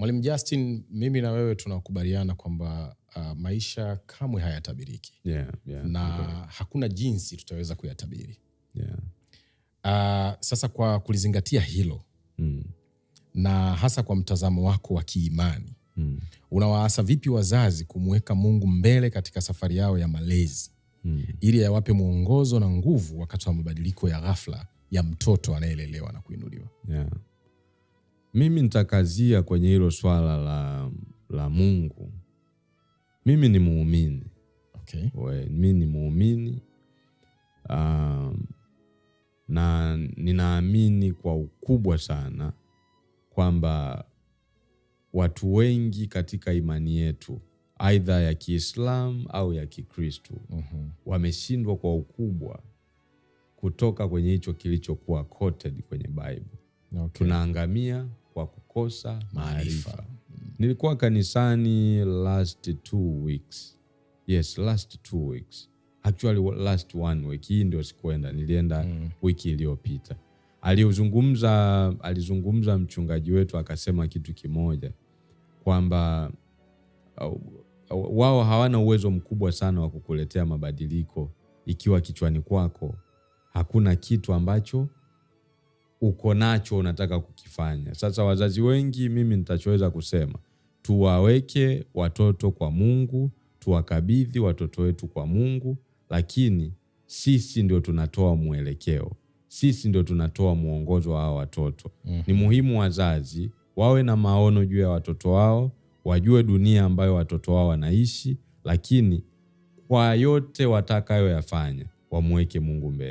Mwalimu Justin, mimi na wewe tunakubaliana kwamba uh, maisha kamwe hayatabiriki yeah, yeah, na okay. Hakuna jinsi tutaweza kuyatabiri yeah. Uh, sasa kwa kulizingatia hilo mm. na hasa kwa mtazamo wako wa kiimani mm. unawaasa vipi wazazi kumweka Mungu mbele katika safari yao ya malezi mm. ili yawape mwongozo na nguvu wakati wa mabadiliko ya ghafla ya mtoto anayelelewa na kuinuliwa? yeah. Mimi nitakazia kwenye hilo swala la, la Mungu. Mimi ni muumini okay. We, ni muumini um, na ninaamini kwa ukubwa sana kwamba watu wengi katika imani yetu aidha ya Kiislamu au ya mm-hmm. wameshindwa kwa ukubwa kutoka kwenye hicho kilichokuwa kwenye Bible okay. Tunaangamia kwa kukosa maarifa. Nilikuwa kanisani last two weeks. Yes, last two weeks. Actually, last one week. Hii ndio sikuenda, nilienda mm. wiki iliyopita. Alizungumza, alizungumza mchungaji wetu akasema kitu kimoja kwamba wao hawana uwezo mkubwa sana wa kukuletea mabadiliko ikiwa kichwani kwako hakuna kitu ambacho uko nacho unataka kukifanya. Sasa wazazi wengi, mimi nitachoweza kusema tuwaweke watoto kwa Mungu, tuwakabidhi watoto wetu kwa Mungu, lakini sisi ndio tunatoa mwelekeo, sisi ndio tunatoa mwongozo wa hawa watoto. Mm-hmm. Ni muhimu wazazi wawe na maono juu ya watoto wao, wajue dunia ambayo watoto wao wanaishi, lakini kwa yote watakayoyafanya wamweke Mungu mbele.